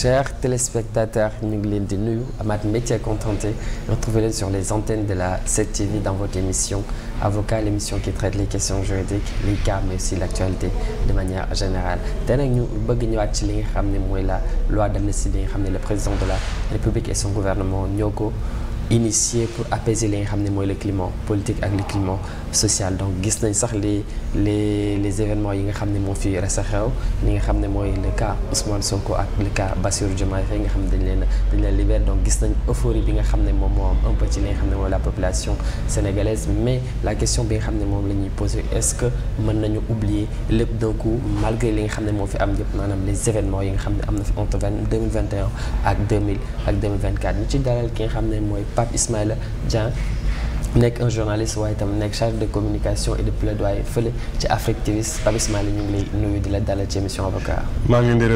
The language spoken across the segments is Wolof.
chers téléspectateurs ñu ngi leen di nuyu amaat métier contenté retrouver leen sur les antennes de la 7TV dans votre émission avocat l'émission qui traite les questions juridiques les cas mais aussi l'actualité de manière générale te nag ñu bëgg ñëwaat ci li nga xam ne mooy la loi d'amnistie bi nga xam ne le président de la république et son gouvernement ñoo ko initié pour apaiser li nga xam ne mooy le climat politique ak le climat social donc gis nañ sax les le les événements yi nga xam ne moo fi resa xew li nga xam ne mooy le cas Ousmane Sonko ak le cas Bassirou Diomaye Faye nga xam ne dañ leen dañ donc gis nañ euphorie bi nga xam ne moom moo am un peu ci li nga xam ne mooy la population sénégalaise mais la question bi nga xam ne moom la ñuy posé est-ce que mën nañu oublier lépp d'un coup malgré li nga xam ne moo fi am yëpp maanaam yi nga xam ne mooy Pape Ismaïla Dieng nekk un journaliste waaye itam nekk chargé de communication et de plaidoyer fële ci Afrique TV Pape Ismaïla ñu ngi lay nuyu di la dalal ci émission avocat. maa yi nga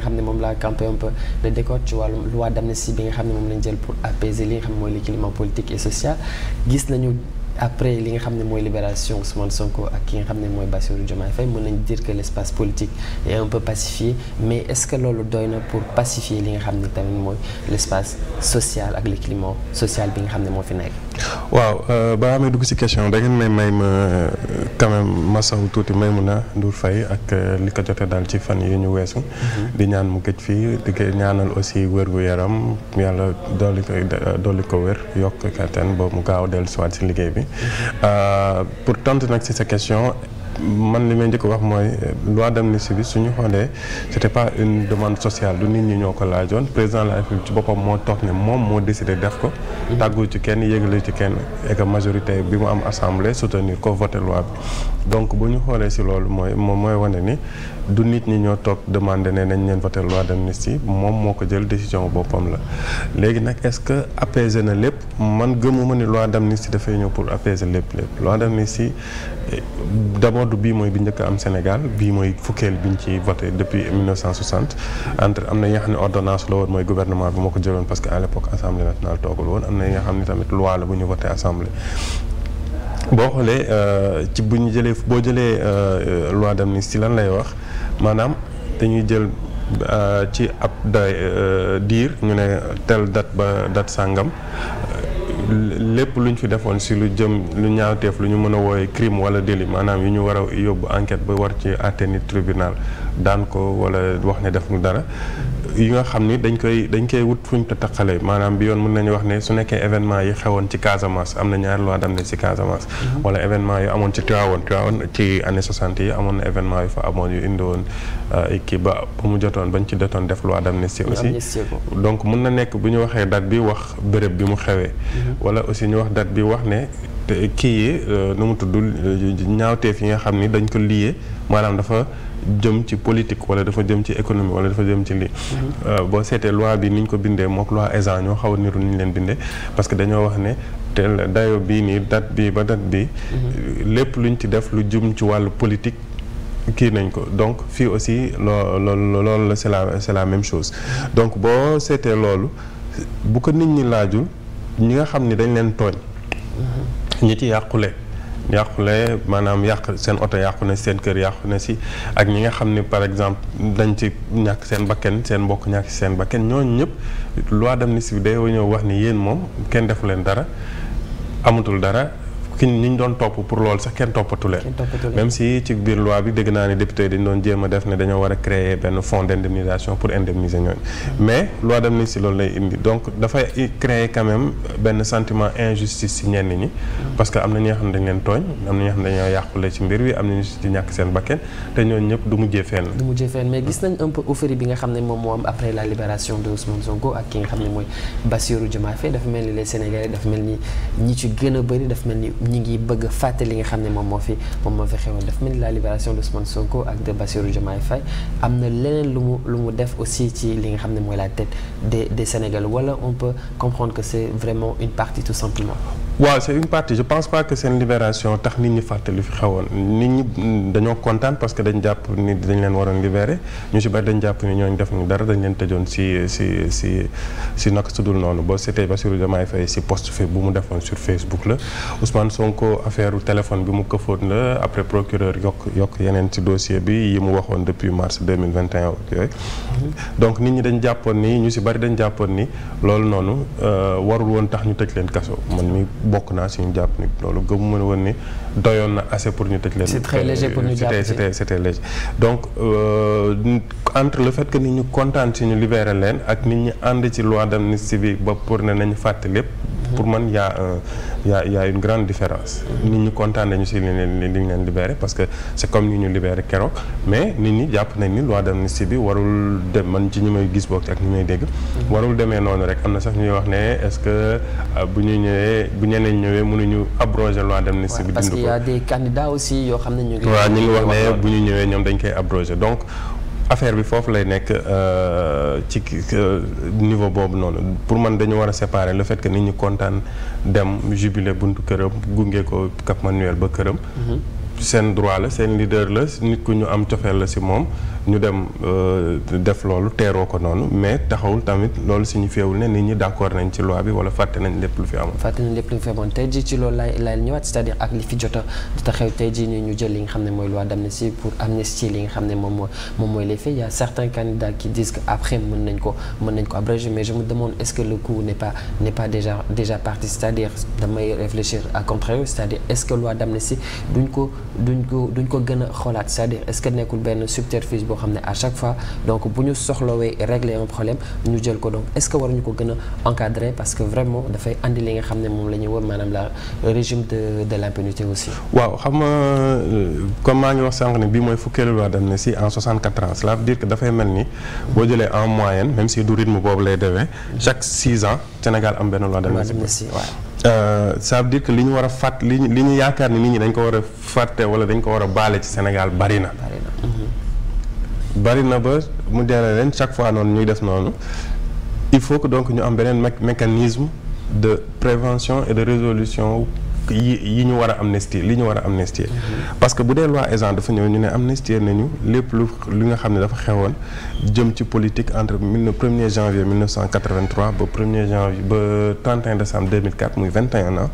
xam ne moom laa campé un peu décor ci wàllum loi d'amnistie bi nga xam ne moom lañ jël pour apaiser li nga xam ne mooy le climat politique et social gis nañu. après li nga xam ne mooy libération Ousmane Sonko ak ki nga xam ne mooy Bassirou Diomaye Faye mën nañ dire que l' espace politique est peu pacifié mais est ce que loolu doy na pour pacifier li nga xam ne tamit mooy l' espace social ak le climat social bi nga xam ne moo fi nekk. waaw euh, balaa may dugg ci question dangeen may may ma euh, quand même masawu tuuti Maimouna Ndour fay ak euh, li ko jotee daal ci fan yi ñu weesu. Mhm. di ñaan mu gëj fii di ko ñaanal aussi wér gu yaram yàlla dolli ko dolli ko wér yokk kattan ba mu gaaw a dellusiwaat ci liggéey bi mhm. pour tontu nag ci sa question. man li may njëkk wax mooy loi d'amnistie bi suñu xoolee c'était pas une demande sociale du nit ñi ñoo ko laajoon président de la ci boppam moo toog ne moom moo décidé def ko tàggu ci kenn yéegale ci kenn et que majorité bi mu am assemblée soutenir ko voté loi bi donc bu ñu xoolee si loolu mooy moom mooy wane ni du nit ñi ñoo toog demande ne nañ leen voté loi d'amnistie moom moo ko jël décision boppam la léegi nag est-ce que apaiser na lépp man gëmuma ni loi d'amnistie dafay ñëw pour apaiser lépp lépp loi d'amnistie d'abord code bii mooy bi njëkk am Sénégal bii mooy fukkeel biñ ci voté depuis 1960 entre am na yi nga xam ne ordonnance la woon mooy gouvernement bi moo ko jëloon parce que à l'époque assemblée nationale toogul woon am na yi nga xam ne tamit loi la bu ñu voté assemblée boo xoolee euh, ci bu ñu jëlee boo jëlee euh, loi d'amnistie lan lay wax maanaam dañuy jël euh, ci ab day diir ñu ne tel date ba date sàngam lépp lu ñu fi defoon si lu jëm lu ñaawteef lu ñu mën a wooye crime wala délit maanaam yu ñu war a yóbbu enquête ba war ci àtte nit tribunal daan ko wala wax ne def mu dara yi nga xam ni dañ koy dañ koy wut fuñ te taqale maanaam bi yoon mën nañu wax ne su nekkee événement yi xewoon ci Casamance am na ñaari loi d'amnistie ci Casamance mhm. wala événement yu amoon ci Tivaouane Tivaouane ci année soixante yi amoon na événement yu fa amoon yu indiwoon euh, kii ba ba mu jotoon bañ ci dotoon def loi d'amnistie aussi donc mën na nekk bu ñu waxee date bi wax béréb bi mu xewee mhm. wala aussi ñu wax date bi wax ne kii yi euh, nu mu tudd euh, ñaawteef yi nga xam ni dañ ko lié maanaam dafa jëm ci politique wala dafa jëm ci économie wala dafa jëm ci lii euh, boo seetee loi bi ni ñu ko bindee mook loi Ezzan ñoo xaw a niru ni ñu leen bindee parce que dañoo wax ne tel dayo bii nii date bii ba date bii mm-hmm. lépp lu luñ ci def lu jëm ci wàllu politique kii nañ ko donc fii aussi loo loolu la c'est la c'est la même chose donc boo seetee loolu bu ko nit ñi laajul ñi nga xam ni dañ leen tooñ mm-hmm. ñi ci yàqule yàqule maanaam yàq seen oto yàqu na si seen kër yàqu na si ak ñi nga xam ni par exemple dañ ci ñàkk seen bakken seen mbokk ñàkk si seen bakken ñooñu ñëpp loi d'amnistie bi day ñëw wax ni yéen moom kenn defu leen dara amatul dara ki ñu doon topp pour loolu sax kenn toppatu leen même si ci biir loi bi dégg naa ne député dañ doon jéem a def ne dañoo war a créer benn fonds d'indemnisation pour indemniser ñooñu mais loi d'amnistie loolu lay indi parce que am na ñi xam ne dañ leen tooñ am dañoo yàqule ci mbir wi am na ñu ci ñàkk seen bakken te ñooñu ñëpp du mujjee fenn mais gis nañ un peu bi nga xam ne moom moo am après la libération de Ousmane Sonko ak nga xam ne mooy Bassirou Diomaye Faye ñi ngi bëgg a fàtte li nga xam ne moom moo fi moom moo fi xewoon def mel ni la libération de Ousmane Sonko ak de Bassirou Diomaye fay am na leneen lu mu lu mu def aussi ci li nga xam ne mooy la tête des des Sénégal wala on peut comprendre que c'est vraiment une partie tout simplement waaw c'est une partie je pense par que seen libération tax nit ñi fàtte lu fi xewoon nit ñi dañoo kontaan parce que dañ jàpp ni dañ leen waroon libéré ñu si bari dañ jàpp ni ñooñu def ñu dara dañ leen tëjoon si si si si naka sudul noonu boo c'était Bassirou Diomaye Faye si post bu mu defoon sur Facebook la Ousmane Sonko affaire téléphone bi mu këfoon la après procureur yokk yokk yeneen si dossier bi mu waxoon depuis mars 2021 ak yooyu donc nit ñi dañ jàppoon nii ñu si bari dañu jàppoon nii loolu noonu euh, warul woon tax ñu tëj leen kaso man mi bokk naa si ñu jàpp ni loolu gëmuma ne woon ni doyoon na assez pour ñu tëj leen. c'est très léger pour ñu jàpp si c'était c'était donc euh, entre le fait que nit ñu kontaan si ñu libéré leen ak nit ñi ànd ci loi d'amnistie bi ba pour ne nañu fàtte lépp. pour man euh, y' a y' a une grande différence. nit ñu kontaan nañu si li leen li leen libéré parce que comme ni ñu libéré keroog mais nit ñi jàpp nañ ni loi d' amnistie bi warul dem man ci ñu may gis boog ak ñu may dégg. warul demee noonu rek am na sax ñuy wax ne est ce que euh, bu ñu ñëwee bu ñeneen ñëwee mënuñu abroger loi d' amnistie bi. dund ko parce que aussi yoo xam ne ñu ngi. waaw ñu ngi wax ne bu ñu ñëwee ñoom dañ koy abroger donc. affaire bi foofu lay nekk euh, ci euh, niveau boobu noonu pour man dañu war a séparer le fait que nit ñi kontaan dem jubilé buntu këram gunge ko Cap Manuel ba këram. Mm-hmm. seen droit la seen leader la nit ku ñu am cofeel la si moom. ñu dem euh, def loolu teeroo ko noonu mais taxawul tamit loolu signifiéwul ne nit ñi d'accord nañ ci loi bi wala fàtte nañ lépp lu fi amoon. fàtte nañ lépp lu fi amoon tey jii ci loolu laay laay ñëwaat cest ak li fi jot a taxaw tey jii nii ñu jël li nga xam ne mooy loi d'amnistie pour amnistie li nga xam ne moom mooy moom mooy les faits y a certains candidats qui disent que après mën nañ ko mën nañ ko abréger mais je me demande est que le coup n'est pas n'est pas déjà déjà parti c'est-à-dire damay réfléchir à ko duñ xoolaat c'est-à-dire nekkul benn subterfuge boo xam ne à chaque fois donc bu ñu soxlawee régler un ñu jël ko donc est-ce que waruñu ko gën a encadrer parce que vraiment dafay indi li nga xam ne moom la ñuy wër maanaam la régime de de l'impunité aussi. waaw xam nga euh, comme maa ngi wax sànq ne bii mooy fukkeelu loi d'amnistie en 64 ans cela veut dire que dafay mel ni boo jëlee en moyenne même si du rythme boobu lay demee chaque 6 ans Sénégal am benn loi d'amnistie. Euh, ça veut dire que li ñu war a fàtt li ñu li ñu ni ñi dañ ko war a fàtte wala dañ ko war a baale ci Sénégal bari na bari na ba mu deela leen chaque fois noonu ñuy def noonu il faut que donc ñu am beneen mécanisme de prévention et de résolution yi yi ñu war a amnistier li ñu war a amnistier mm-hmm. parce que bu dee loi Ezzan dafa ñëw ñu ne amnistier nañu lépp lu li nga xam ne dafa xewoon jëm ci politique entre mille premier janvier 1983 ba premier janvier ba 31 décembre 2004 muy 21 ans. Mm-hmm.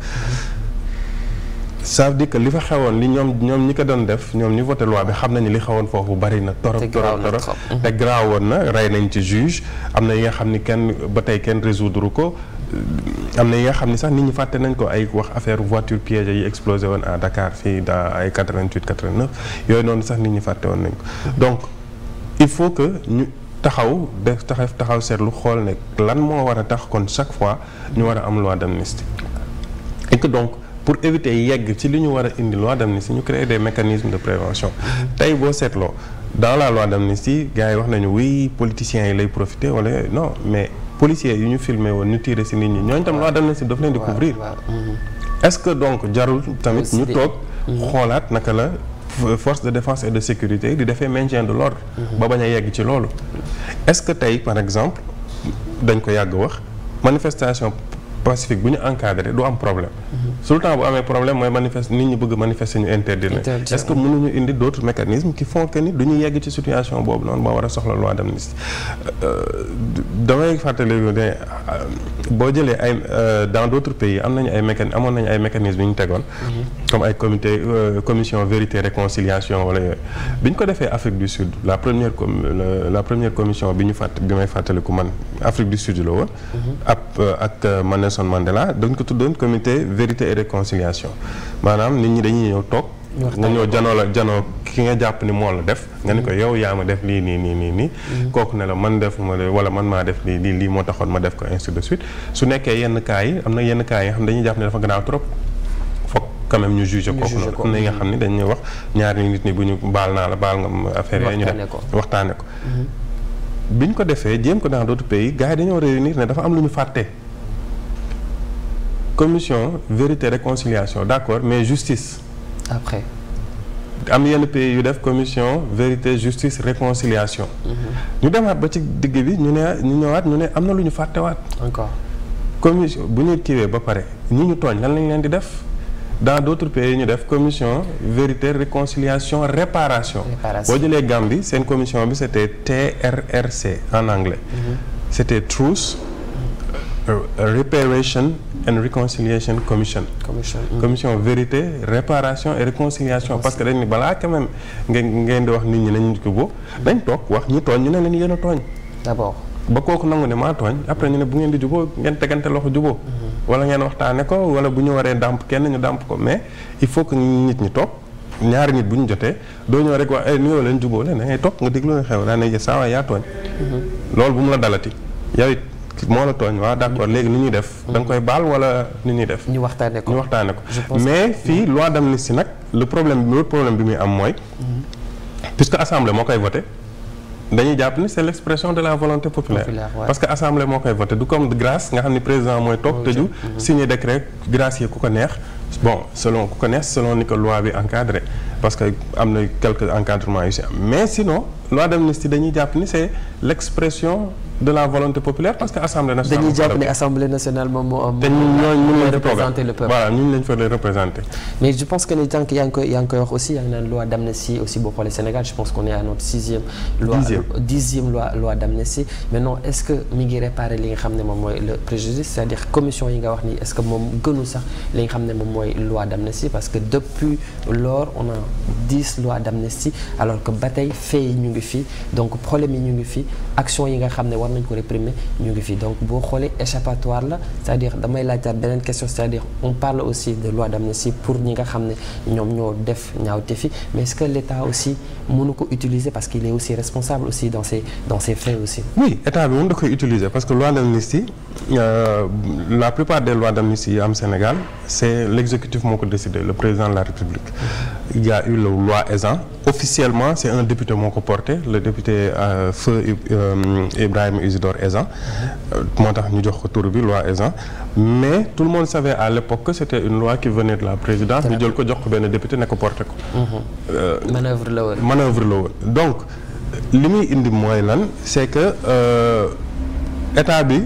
ça veut dire que li fa xewoon li ñoom ñoom ñi ko doon def ñoom ñi voté loi bi xam nañu li xewoon foofu bari na torop torop torop te graawoon na rey nañ ci juge am na yi nga xam ni kenn ba tey kenn résoudre ko am na yi nga xam ni sax nit ñi fàtte nañ ko ay wax affaire voiture piège yi explosé woon à Dakar fii daa ay 88 89 yooyu noonu sax nit ñi fàtte woon donc il faut que ñu taxaw def taxaw taxaw seetlu xool ne lan moo war a tax kon chaque fois ñu war a am loi d'amnistie et que donc pour éviter yegg ci li ñu war a indi loi d'amnistie ñu créer des mécanismes de prévention tey boo seetloo dans la loi si gars yi wax nañu oui politiciens yi lay profiter wala yooyu non mais policiers yu ñu filmé woon ñu tiré ci nit ñi ñooñu tam loi d'amnistie daf leen di couvrir mhm. est-ce que donc jarul tamit ñu toog mhm. xoolaat naka la force de défense et de sécurité di defee maintien de l'ordre mhm. ba bañ a yegg ci loolu est-ce que tey par exemple dañ ko yàgg wax manifestation pacifique bu ñu encadré du am problème sultan bu amee problème mooy manifeste nit ñi bëgg manifester ñu interdire leen est-ce que mënuñu indi dootu mécanismes ki fonk que ni du ñu yegg ci situation boobu noonu boo war a soxla loi d'amnistie euh, damay fàttali ne euh, boo jëlee ay euh, dans d'autres pays am nañu ay mécanismes amoon nañu ay mécanismes yu ñu tegoon mm-hmm. comme ay comité euh, commission vérité réconciliation wala yooyu bi ñu ko defee Afrique du Sud la première com la première commission bi ñu fàtt bi may fàttaliku man Afrique du Sud la woon. Mhm. ab euh, ak euh, Nelson Mandela dañ ko tuddoon comité vérité et réconciliation maanaam nit ñi dañuy ñëw toog. nga ñëw janoo la janoo ki nga jàpp ni moo la def nga ne ko mhm. yow yaa ma def lii nii nii nii nii mhm. kooku ne la man def ma wala man maa def lii lii lii moo taxoon ma def ko ainsi suite su nekkee yenn kaay yi am na yenn cas yi nga xam dañuy ne dafa gannaaw trop quand même ñu jugé kooku noonu am na nga xam ne dañuy wax ñaari nit bu ñu baal naa la nga mu affaire ñu def waxtaane ko mhm. biñ ko defee jéem ko dans d'autres pays gars yi dañoo réunir ne dafa am lu ñu fàtte commission vérité réconciliation d'accord mais justice après am yenn pays yu def commission vérité justice réconciliation mhm. ñu demaat ba ci digg bi ñu ne ñu ñëwaat ñu ne am na lu ñu fàttewaat encore commission bu ñu kiiwee ba pare ñi ñu tooñ lan lañ leen di def dans d' autres pays ñu def commission vérité réconciliation réparation. boo jëlee Gambie seen commission bi c' était TRRC en anglais. Mm -hmm. c' était Truth. Euh, Reparation and Reconciliation Commission. commission mm. commission vérité réparation et réconciliation. parce que dañ ni balaa quand même ngeen ngeen di wax nit ñi nañu ko bu dañ toog wax ñu tooñ ñu ne leen yéen a tooñ. d' abord ba kooku nangu ne maa tooñ après ñu ne bu ngeen di juboo ngeen tegante loxo juboo. Mhm. wala ngeen waxtaane ko wala bu ñu waree dàmp kenn ñu dàmp ko mais il faut que nit ñi toog ñaari nit bu ñu jotee doo ñëw rek waa ay eh, nuyoo leen jubóo leen da toog nga déglu ne xew daa ne saa waay yaa tooñ mm-hmm. loolu bu mu la dalati yow it moo la tooñ waa d'accord léegi nu ñuy def mm-hmm. da koy baal wala ni ñuy def ñu waxtaane ko ñu ko mais fii loi d'amnistie nag le problème bi problème bi muy am mooy mm-hmm. puisque assemblée moo koy voté dañuy jàpp ni c'est l'expression de la volonté populaire parce que assemblée moo koy voté du comme grâce nga xam ni président mooy toog tëju mm-hmm. signé décret grâce yi ku ko neex bon selon ku ko neex selon ni ko loi bi encadré parce que am na quelques encadrements yu si am mais dem loi d'amnistie dañuy jàpp ni c'est l'expression de la volonté populaire parce que assemblée nationale. dañuy jàpp ne assemblée nationale moom moo am. te ñun ñooñu ñu représenter le peuple voilà ñun lañ fa lay représenter. mais je pense que ni tant que yaa ngi koy yaa ngi koy wax aussi yaa ngi naan loi d'amnistie aussi boo xoolee Sénégal je pense qu'on est à notre sixième. loi dixième dixième loi loi d'amnistie mais non est-ce que mi ngi réparer li nga xam ne moom mooy le préjudice c'est-à-dire commission yi nga wax nii est-ce que moom gënu sax li nga xam ne moom mooy loi d'amnistie parce que depuis lors on a dix lois d'amnistie alors que ba tey fee yi ñu ngi fi donc problème yi ñu ngi fi action yi nga xam ne war nañ ko réprimer ñu ngi fi donc boo xoolee échappatoire la c'est-à-dire damay laajtaat beneen question c'est-à-dire on parle aussi de loi d'amnistie pour ñi nga xam ne ñoom ñoo def ñaaw ñaawte fi mais est-ce que l'État aussi mënu ko utiliser parce qu'il est aussi responsable aussi dans aussi. oui état bi parce que loi d'amnistie euh, la plupart des lois d'amnistie yi am Sénégal c'est l'exécutif moo ko décidé le président de la République. il y a eu la loi Ezzan officiellement c'est un député moo ko porté le député euh, feu euh, Isidore Ezzan euh, moo tax ñu jox ko tur bi loi Ezzan mais tout le monde savait à l'époque que c'était une loi qui venait la présidence ñu jël ko jox ko benn député ne ko porté ko mhm. euh, manœuvre la woon donc li muy indi mooy lan c'est que euh, état bi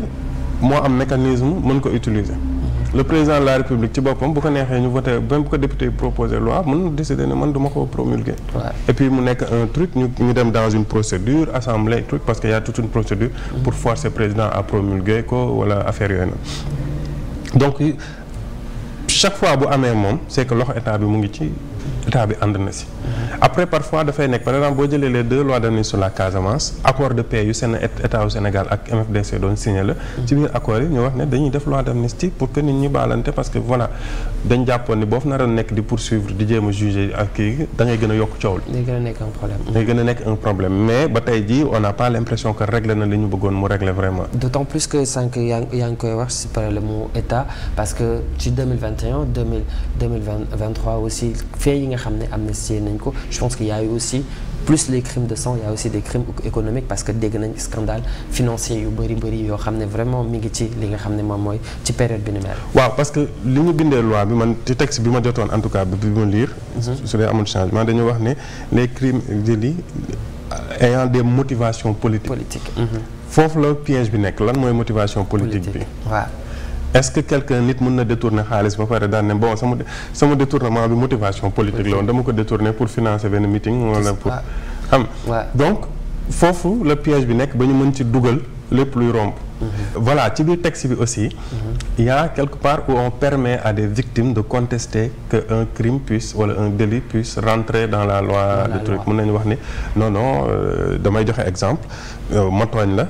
moo am mécanisme mën ko utiliser le président de la république ci boppam bu ko neexee ñu voté même bu ko député proposé loi mën na décider man du ma ko promulguer et puis mu nekk un truc ñu dem dans une procédure assemblée truc parce que y a toute une procédure pour forcer président à promulguer ko wala affaire yooyu na donc chaque fois bu amee moom c'est que loxo état bi mu ngi ci état bi ànd na si. après parfois dafay nekk par exemple boo jëlee les deux lois d'amnistie sur la Casamance accord de paix yu seen état wu Sénégal ak MFDC doon signé ci biir accord yi ñu wax ne dañuy def loi d'amnistie pour que nit ñi baalante parce que voilà dañ jàppoon ni boo fa naroon nekk di poursuivre di jéem a ak kii da ngay yokk coow li. day bëggoon mu réglé vraiment. d'autant plus que sànq yaa ngi koy wax si par état parce faits yi nga xam ne amnistié nañ ko je pense qu'il y a eu aussi plus les crimes de sang il y a aussi des crimes économiques parce que dégg nañ scandale financier yu bëri bëri yoo xam ne vraiment mi ngi ci li nga xam ne moom mooy ci période bi ni mel. waaw parce que li ñu bindee loi bi man ci texte bi ma jotoon en tout cas bi ma lire. Mhm. su dee amul changement dañu wax ne les crimes délits ayant des motivations politiques. politique. Mhm. foofu la piège bi nekk lan mooy motivation politique est-ce que quelqu'un nit mën na détourner xaalis ba pare daan ne bon sama sama détournement bi motivation politique la woon dama ko détourner pour financer benn meeting wala pour ah. xam donc foofu la piège bi nekk ba ñu mën ci dugal lépp luy romb mhm. voilà ci biir texte bi aussi mhm. il y a quelque part où on permet à des victimes de contester que un crime puisse wala un délit puisse rentrer dans la loi de truc mën nañu wax ni non non euh, damay joxe exemple euh, ma la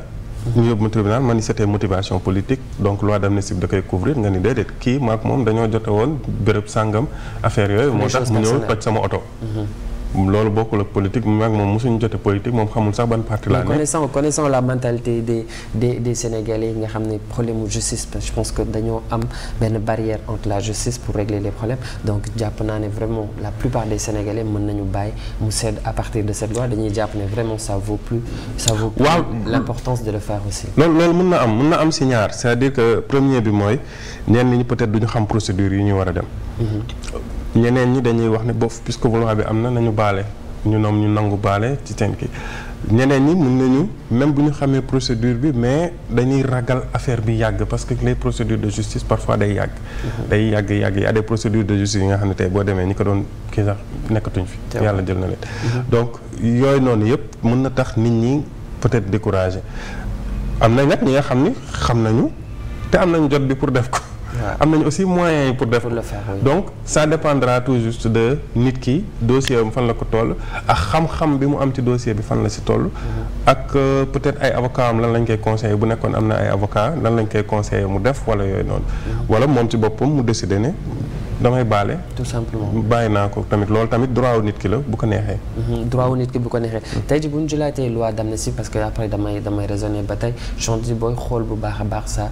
ñu yóbbu ma tribunal ma ni motivation politique donc loi d'amnistie da koy couvrir nga ni déedéet kii maak moom dañoo jote woon bërëb sàngam affaire yooyu moo tax mu ñëw toj sama oto mm-hmm. loolu bokkul ak politique maag moom mosuñu jote politique moom xamul sax ban parti laa nekk. connaissant connaissant la mentalité des des des sénégalais nga xam ne problème mu justice je que dañoo am benn barrière entre la justice pour régler les problèmes donc jàpp naa ne vraiment la plupart des sénégalais na ñu bàyyi mu sedd à partir de cette loi dañuy jàpp ne vraiment ça vaut plus. ça vaut plus waaw l'importance de le faire aussi. loolu loolu mën na am mën na am si ñaar c'est-à-dire mooy ñenn duñu xam procédure yi ñu war a dem. Mm-hmm. ñeneen ñi dañuy wax ne bof puisque vouloir bi am na nañu baale ñu noom ñu nangu baale ci seen kii ñeneen ñi mën nañu même bu ñu xamee procédure bi mais dañuy ragal affaire bi yàgg parce que les procédures de justice parfois day yàgg. Mhm. day yàgg yàgg y a des procédures de justice yi nga xam ne tey boo demee ñi ko doon kii sax nekkatuñ fi. yàlla jël na leen. Mhm. donc yooyu noonu yëpp mën na tax nit ñi peut-être découragé am na nag ñi nga xam ni xam nañu te am nañu jot bi pour def am nañ aussi moyens yi pour def donc ça dépendra tout juste de nit ki dossier fan la ko toll ak xam-xam bi mu am ci dossier bi fan la si toll mm-hmm. ak euh, peut-être ay avocat am lan lañ koy conseiller bu nekkoon am na ay avocat lan lañ koy conseiller mu def wala yooyu noonu mm-hmm. wala moom ci boppam mu décider ne damay baale. tout simplement bàyyi naa ko tamit loolu tamit droit wu nit ki la bu ko neexee. Mhm, droit wu nit ki bu ko neexee. Mm. tey jii bu ñu jëlaatee loi si parce que après damay damay raisonner ba tey chantier booy xool bu baax a baax sa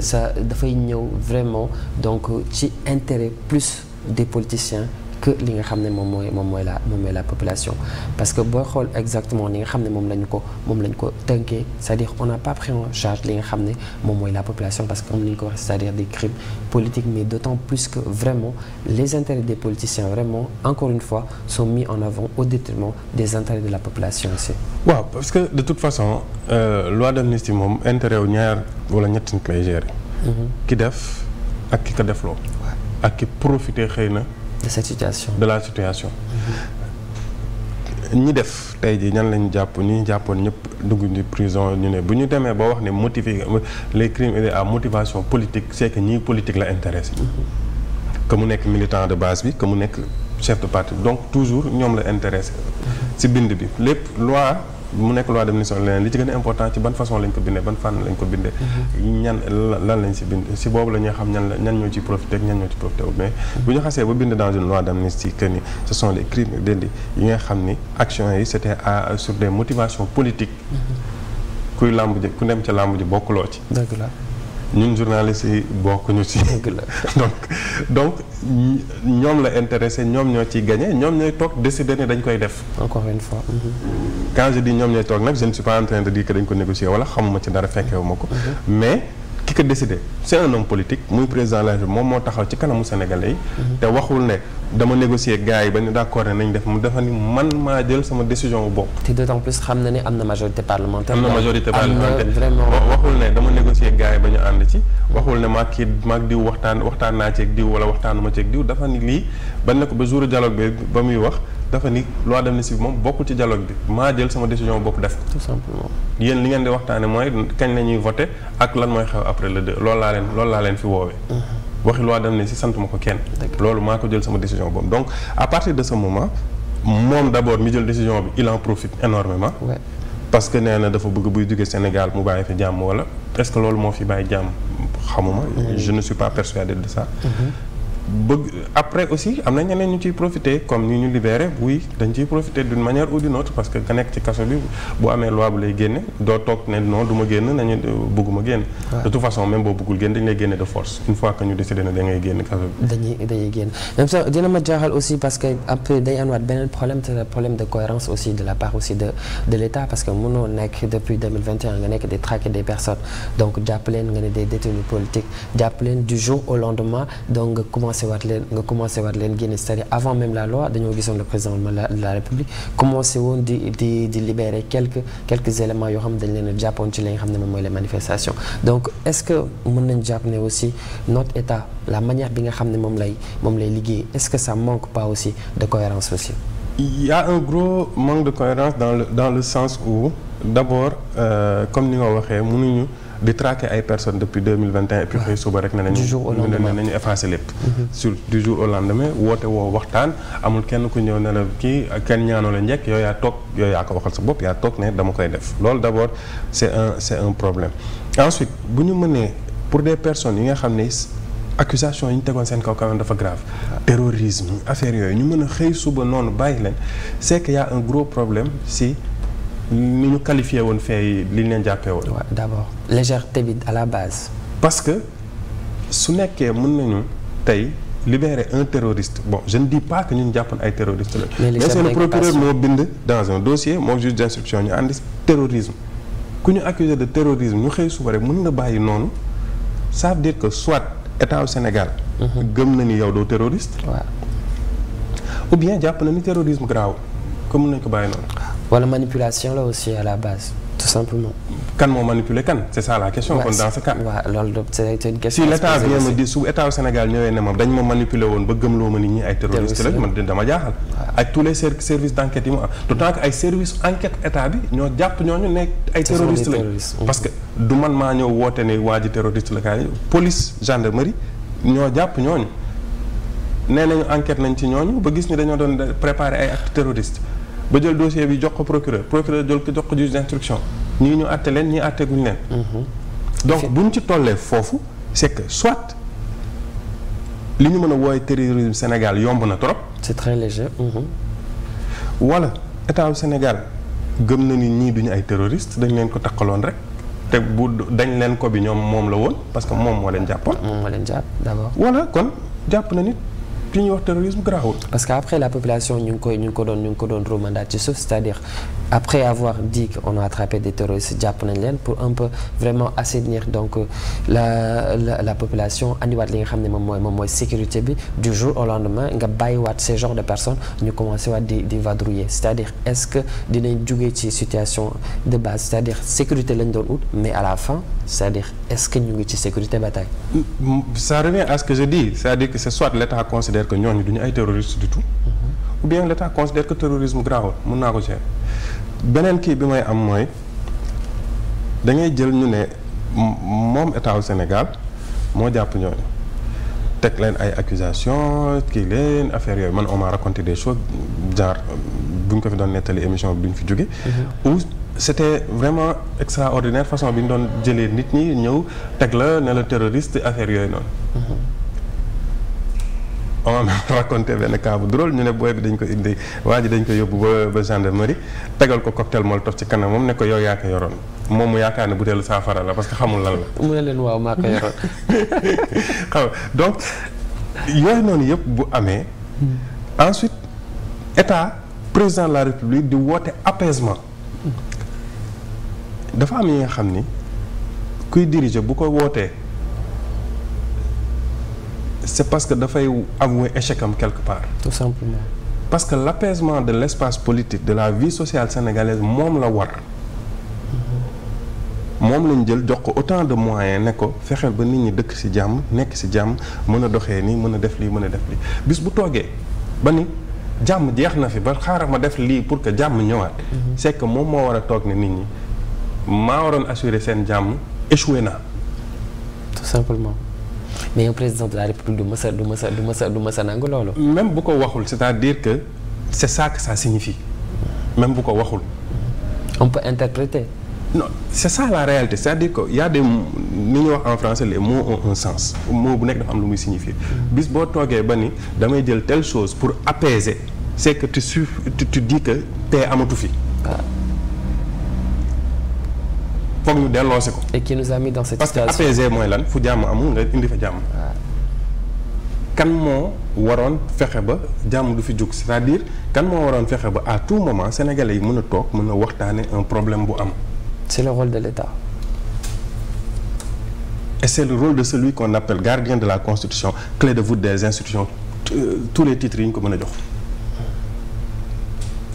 sa dafay ñëw vraiment donc ci intéret plus des politiciens. que li nga xam ne moom mooy moom mooy la moom mooy la population parce que booy xool exactement li nga xam ne moom lañu ko moom lañu ko tënkee c'est-à-dire on n'a pas pris en charge li nga xam ne moom mooy la population parce que comme li ñu ko waxee c'est-à-dire des crimes politiques mais d'autant plus que vraiment les intérêts des politiciens vraiment encore une fois sont mis en avant au détriment des intérêts de la population aussi. waaw parce que de toute façon euh, loi d'amnistie moom intérêt wu ñaar wala ñett nit lay gérer. Mhm. ki def ak ki ko defloo. ak ki profité xëy na. de cette situation de la situation. ñi def tey jii ñan lañu jàpp ñi jàppoon ñëpp dugg ñu prison ñu ne bu ñu demee ba wax ne motivé les crimes et à motivation politique c'est que ñii politique la intéressé. que mu nekk militant de base bi que mu nekk chef de parti donc toujours ñoom la intéressé. si bind bi lépp loi. mu nekk loi d'amnistie leneen li ci gën a important ci ban façon lañ ko bindee ban fànn lañ ko bindee. ñan lan lañ si bind si boobu la ñuy xam ñan la ñan ñoo ci profité ak ñan ñoo ci profité wu mais bu ñu xasee ba bind dans une loi d'amnistie que ni ce les crimes et yi nga xam ni action yi c'était à sur des motivations politiques. Mm-hmm. kuy làmb ji ku dem ca làmb ji bokkuloo ci. dëgg la. ñun journalistes yi bokkuñu ci. donc donc ñoom la intéressé ñoom ñoo ciy gagné ñoom ñooy toog décider ne dañ koy def. encore une fois. Mm-hmm. ñoom ñooy toog nag je ne suis pas en dañ ko négocier wala xamuma ci dara fekkewu ma ko mm-hmm. mais. ki ko décidé c' est un politique muy président la moom moo taxaw ci kanamu sénégalais yi. Mhm. te waxul ne dama négocier gars yi ba ñu d' nañ def mu dafa ni man maa jël sama décision bu bopp. te d' autant plus xam na ne am na majorité parlementaire. am na majorité parlementaire waxul ne dama négocier gars yi ba ñu ànd ci. waxul ne maa kii maag diw waxtaan waxtaan naa ceeg diw wala waxtaanuma ceeg diw dafa ni lii ba ne ko ba jour dialogue bi ba muy wax. dafa ni dem d'amnistie si moom bokkul ci dialogue bi maa jël sama décision bopp def ko. tout yéen li ngeen di waxtaane mooy kañ la ñuy voté ak lan mooy xew après le deux loolu laa leen loolu laa leen fi woowee. Mm-hmm. waxi loi d'amnistie sant santuma ko kenn. loolu maa ko jël sama décision boobu donc à partir de sa moment moom d'abord mi jël décision bi il en profite énormément parce que nee na dafa bëgg buy jóge Sénégal mu bàyyi fi jàmm wala est que loolu moo fi bàyyi jàmm xamuma mm-hmm. je ne suis pas persuadé de ça mm-hmm. bëgg après aussi am na ñeneen ñu ciy profité comme ni ñu libéré oui dañ ciy profité d'une manière ou d'une autre parce que nga nekk ci kaso bi bu amee loi bu lay génne doo toog ne non du génn nañu bëgguma génn. de toute façon même boo bëggul génn dañ lay génne de force une fois ñu décidé na da génn kaso bi. dañuy dañuy génn même sax dina ma jaaxal aussi parce que après day anuwaat beneen problème c'est problème de cohérence aussi de la part commencé waat leen nga commencé waat leen génne c'est-à-dire avant même la loi dañoo gisoon le président de la république commencé woon di di di libérer quelques éléments yoo xam ne a jàppoon ne moom mooy les manifestations donc est-ce que mën nañ jàpp ne aussi lay moom lay liggéey est-ce que ça manque pas aussi de cohérence aussi il un gros manque de cohérence dans le sens où d'abord euh, comme ni nga waxee mënuñu di traquer ay personnes depuis 2021 et puis xëy suba rek ne nañu ne nañu effacé lépp mhm. sur du jour au woote woo waxtaan amul kenn ku ñëw ne la kii kenn ñaanoo la njëkk yow yaa toog yow yaa ko waxal sa bopp yaa toog ne dama koy def loolu d'abord c'est un c'est un problème ensuite bu ñu mënee pour des personnes yi nga xam ne accusation yi ñu tegoon seen kaw kawoon dafa grave ah. terrorisme affaire yooyu ñu mën a xëy suba noonu bàyyi leen c'est que a un gros problème si mi ñu qualifié woon fee li ñu leen jàppee woon. waaw d'abord légèreté à la base. parce que su nekkee mun nañu tey libérer un terroriste bon je ne dis pas ñu ñun jàppoon ay terroriste la. mais c'est le procureur moo bind dans un dossier moom juge d'instruction ñu àndi terrorisme ku ñu accusé de terrorisme ñu xëy suba rek mën nga bàyyi noonu ça veut dire que soit état au Sénégal. Mm-hmm. gëm na ni yow doo terroriste. waaw ou bien jàpp na ni terrorisme grave comme mën nañu ko bàyyi noonu. wala manipulation la aussi à la base tout simplement. kan moo manipuler kan c'est ça la question. kon dans ce cas waaw loolu c'est une question. si su état Sénégal ma dañ woon ba gëmloo ma nit ñi ay terroristes lañ man dama jaaxal. ak tous les services d'enquête yi mu am d'autant que ay services enquête état bi ñoo jàpp ñooñu nekk ay terroristes lañ parce que du man maa ñëw woote ne waa ji terroriste la kaay police gendarmerie ñoo jàpp ñooñu nee nañu enquête nañ ci ñooñu ba gis ñu dañoo doon préparer ay actes terroristes ba jël dossier bi jox ko procureur procureur jël ko jox ko juge d'instruction ñii ñu àtte leen ñii àtte guñ leen. Mhm. donc buñ ci tollee foofu c'est que soit li ñu mën a wooye terrorisme Sénégal yomb na trop. c'est très léger. Mhm. wala état bu Sénégal gëm na ni ñii duñu ay terroriste dañ leen ko takkaloon rek. te bu dañ leen ko bi ñoom moom la woon parce que moom moo leen jàppoon. moom moo leen jàpp d'abord. voilà kon jàpp na nit. li ñuy wax terrorisme garaawul. parce que après la population ñu ngi ko doon ñu ngi ci suuf c'est-à-dire après avoir dit qu'on a attrapé des terroristes jàpp nañ leen pour un peu vraiment assainir donc la la, la population andiwaat li nga xam ne moom mooy moom mooy sécurité bi du jour au lendemain nga bàyyiwaat ce genre de personnes ñu commencé waat di di vadrouiller c'est-à-dire est-ce que dinañ jugee ci situation de base c'est-à-dire sécurité lañ doon ut mais à la fin c'est-à-dire est-ce que ñu ngi ci sécurité bataille. considère que ñooñu du ñu ay terroristes du tout ou bien l' état considère que terrorisme grave mën naa ko gérer beneen kii bi may am mooy da ngay jël ñu ne moom état wu Sénégal moo jàpp ñooñu teg leen ay accusation kii leen affaire yooyu man on m'a raconté des choses jaar bu ko fi doon nettali émission bi duñ fi jóge mm-hmm. ou c' était vraiment extraordinaire façon bi ñu doon jëlee nit ñi ñëw teg la ne la terroriste affaire yooyu noonu mm-hmm. on m'a raconté benn cas bu drôle ñu ne booy bi dañ ko indi waa ji dañ ko yóbbu ba ba gendarmerie tegal ko cocktail molotov ci kanam moom ne ko yow yaa ko yoroon moom mu yaakaar ne butéelu saafara la parce que xamul lan la. mu ne leen waaw maa ko yoroon. donc yooyu noonu yëpp bu amee. ensuite état président la république di woote apaisement. dafa am yi nga xam ni kuy diriger bu ko wootee. c'est parce que dafay avouer échec am quelque part. parce que l'apaisement de l'espace politique de la vie sociale sénégalaise moom la war. moom lañ jël jox ko autant de moyens ne ko fexeel ba nit ñi dëkk ci jàmm nekk ci jàmm mën a doxee nii mën a def lii mën a def lii bis bu toogee ba ni jàmm jeex na fi ba xaaral ma def lii pour que jàmm ñëwaat. Mhm. c'est moom moo war a toog ne nit ñi maa waroon assurer seen jàmm échoué na tout mais yow président de la république du mës a du mës a du mës nangu loolu. même bu ko waxul c'est-à-dire que c'est ça que ça signifie même bu ko waxul. on peut interpréter. non c'est ça la réalité c'est-à-dire que y a des ni ñuy wax en français les mots ont un sens moo bu nekk dafa am lu muy signifier bis boo toogee ba ni damay jël telle chose pour apaiser c'est que tu su tu, di dis que paix amatu fi. Ah. foog ñu delloosi ko. et qui nous a mis parce que apaiser mooy lan fu jàmm amul nga indi fa jàmm. Ah. moo waroon fexe ba jàmm du fi jug c'est-à-dire kan moo waroon fexe ba à tout moment sénégalais yi mën a toog mën a waxtaane un problème bu am. c'est le rôle de l'État. et de celui qu'on appelle gardien de la constitution clé de voûte des institutions euh, tous les titres yi ñu ko mën a jox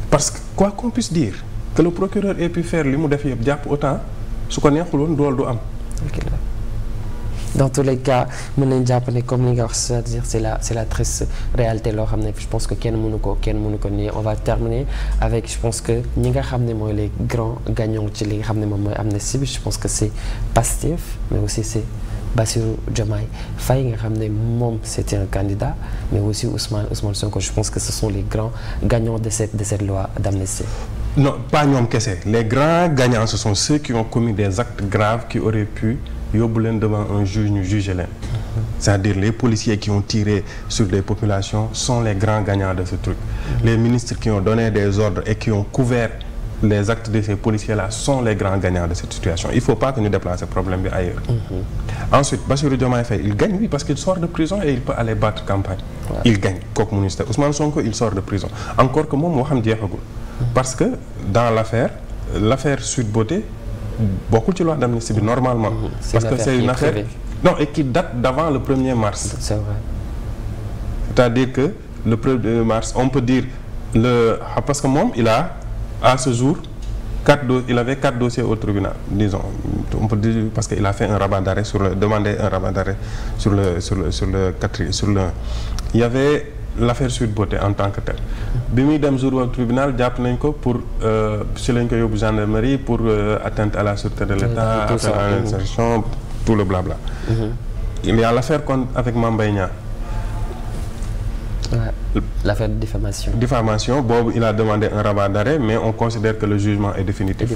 parce que quoi qu'on puisse dire que le procureur ait pu li mu def yëpp jàpp autant su ko neexul woon dool du am. dans tous les cas mën nañ jàpp ne comme li nga wax c'est-à-dire c'est la c'est la triste réalité loo xam ne je pense que kenn mënu ko kenn mënu ko nii on va terminer avec je pense que ñi nga xam ne mooy les grands gagnants ci li nga xam ne moom mooy amnistie bi je pense que c'est Pastef mais aussi c'est Bassirou Diomaye Faye nga xam ne moom c'était un candidat mais aussi Ousmane Ousmane Sonko je pense que ce sont les grands gagnants de cette de cette loi d'amnistie non pas ñoom kese les grands gagnants ce sont ceux qui ont commis des actes graves qui auraient pu yóbbu leen devant un juge ñu juger leen c'est-à-dire les policiers qui ont tiré sur des populations sont les grands gagnants de ce truc les ministres qui ont donné des ordres et qui ont couvert les actes de ces policiers-là sont les grands gagnants de cette situation il faut pas que ñu déplacer problème bi ailleurs mm-hmm. ensuite Bassirou Diomaye Faye parce que dans l'affaire l'affaire Sweet Beauté bokkul ci loi d'amnistie bi normalement mhm. parce que c'est une affaire non et qui date d'avant le premier mars c'est à dire que le premier mars on peut dire le ah, parce que moom il a à ce jour quatre do il avait quatre dossiers au tribunal disons on peut dire parce que il a fait un rabat sur le demandé un rabat d'arrêt sur le sur sur le quatre sur l'affaire Sweet Beauté en tant que tel bi muy dem jour au tribunal jàpp nañ ko pour euh, si lañ ko yóbbu gendarmerie pour euh, atteinte à la sûreté de l'État mmh. affaire mmh. en tout le blabla mmh. il y a l'affaire contre avec Mame Mbaye Niang Ouais. L'affaire de diffamation. Diffamation, Bob, il a demandé un rabat mais on considère que le jugement est définitif.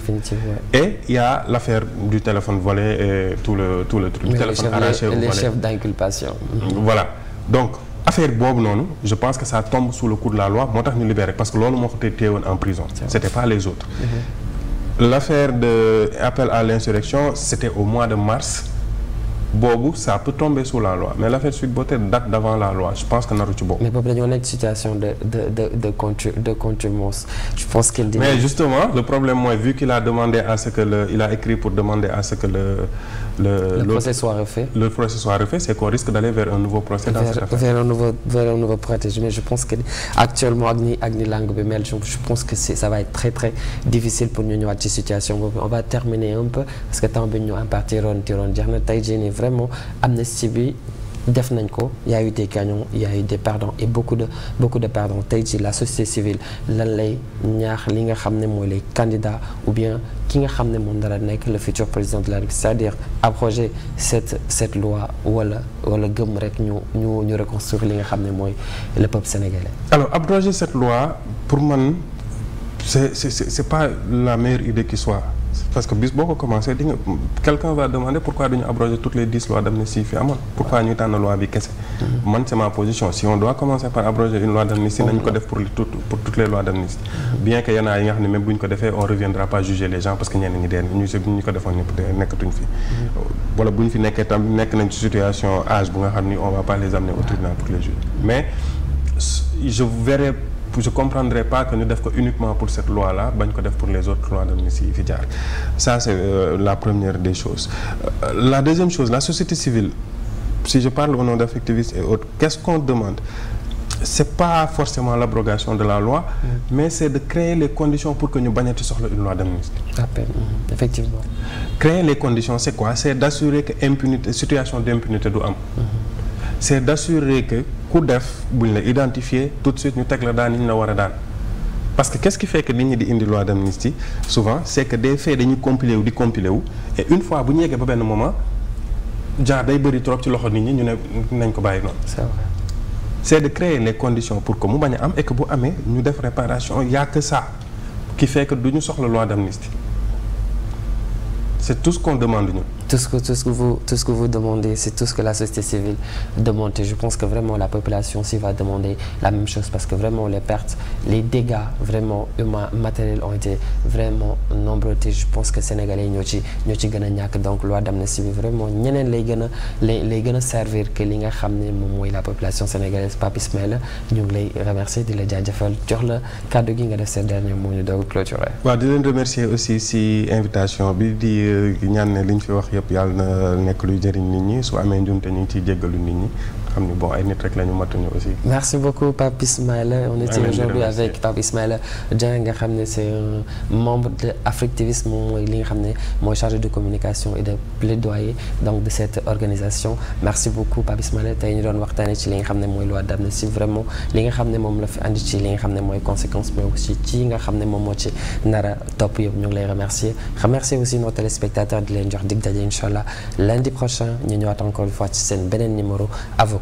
Et il y a l'affaire du téléphone volé et tout le, tout le truc. Mais téléphone les chefs, arraché les, les Voilà. Donc, affaire boobu noonu je pense que ça tombe sous le coup de la loi moo tax ñu libéré parce que loolu moo ko téyewoon en prison c'était pas les autres mm-hmm. l'affaire de appel à l'insurrection c'était au mois de mars boobu ça peut tomber sous la loi mais l'affaire Sweet Beauté date d'avant la loi je pense que naru ci boobu. mais boobu dañoo nekk situation de de de de justement le problème mooy vu qu'il a demandé à ce que le il a écrit pour demander à ce que le le, le procès soit refait. Le procès soit refait, c'est qu'on risque d'aller vers un nouveau procès vers, dans cette affaire. Vers un nouveau, vers un nouveau protège. Mais je pense que actuellement, Agni, Agni Langue Bemel, je, je, pense que ça va être très très difficile pour nous dans cette situation. On va terminer un peu parce que tant que nous impartirons, tirons, dire, vraiment, amnesty def nañ ko y a eu des canons y et beaucoup de beaucoup de pardons tey ci la société civile lan lay ñaax li nga xam ne mooy les candidats ou bien ki nga xam ne moom dara nekk la futur président de la République c'est-à-dire abroger cette loi wala wala gëmm rek ñu ñu ñu reconstruire li nga xam ne mooy le peuple sénégalais. alors abroger cette loi pour man c'est c'est c'est pas la meilleure idée qui soit. parce que bis boo ko commencé di nga quelqu'un va demander pourquoi dañu abroger toutes les dix lois d'amnistie fi amoon pourquoi ñuy tànn loi bi kese mm-hmm. man c'est position si on doit commencer par abroger une loi d'amnistie nañ ko def pour tout pour toutes les lois d'amnistie mm-hmm. bien que yenaa yi nga xam ne même bu ñu ko defee on reviendra pas juger les gens parce que ñenn ñi dee ñu si ñu ko defoon nekkatuñ fi mm-hmm. wala bu ñu fi nekkee tam nekk je comprendrai pas que ñu def ko uniquement pour cette loi là bañ ko def pour les autres lois d'amnistie yi fi jaar c'est euh, la première des choses euh, la deuxième chose la société civile si je parle au nom d'activistes et autres qu'est-ce demande c'est pas forcément l'abrogation de la loi mmh. mais c'est de créer les conditions pour que ñu bañati soxla une loi d'amnistie rappel mmh. effectivement créer les conditions c'est quoi c'est d'assurer que impunité situation d'impunité du am mm-hmm. c' est d' assurer que ku def ñu la identifier tout de suite ñu teg la daan ñu la war a daan parce que kes ki qui fait que nit ñi di indi loi d'amnistie souvent c' est que des faits dañuy compiler wu di compiler wu une fois bu ñu yeggee ba benn moment jaar day bëri trop ci loxo nit ñi ñu ne nañ ko bàyyi noonu. c' est de créer les conditions pour que mu bañ a am et bu amee ñu def réparation y a ki ça du ñu soxla loi d'amnistie c' est tout ce demande ñu. tout ce que, tout ce que, vous, tout ce que vous demandez, c'est tout ce que la société civile demande. Et je pense que la population aussi va demander la même chose parce que vraiment les pertes, les dégâts vraiment humains, matériels ont été vraiment nombreux. Et je pense que Sénégalais ñoo ci ñoo a ñàkk donc loi d'amnistie bi vraiment ñeneen lay gën a servir que li nga xam ne moom mooy la population sénégalaise Pape Ismaïla ñu ngi lay remercier di la jaajëfal jox la kàddu gi nga def seen dernier yëpp yàlla na nekk luy jëriñ nit ñi su amee njumte ñu ngi ciy jéggalu nit ñi xam bon ay nit rek la ñu matuñu aussi. merci beaucoup Pape Ismaïla on était aujourd'hui avec Pape Ismaïla Dieng nga xam ne c' est un membre de Africtivisme moom li nga xam ne mooy chargé de communication et de plaidoyer donc de cette organisation merci beaucoup Pape Ismaïla tey ñu doon waxtaanee ci li nga xam ne mooy loi d'amnistie vraiment li nga xam ne moom la fi andi ci li nga xam ne mooy conséquence mais aussi ci nga xam ne moom moo ci nara topp yëpp ñu ngi lay remercier remercier aussi nos téléspectateurs di leen jox dig daje incha allah lundi prochain ñu ñëwaat encore seen beneen numéro avocat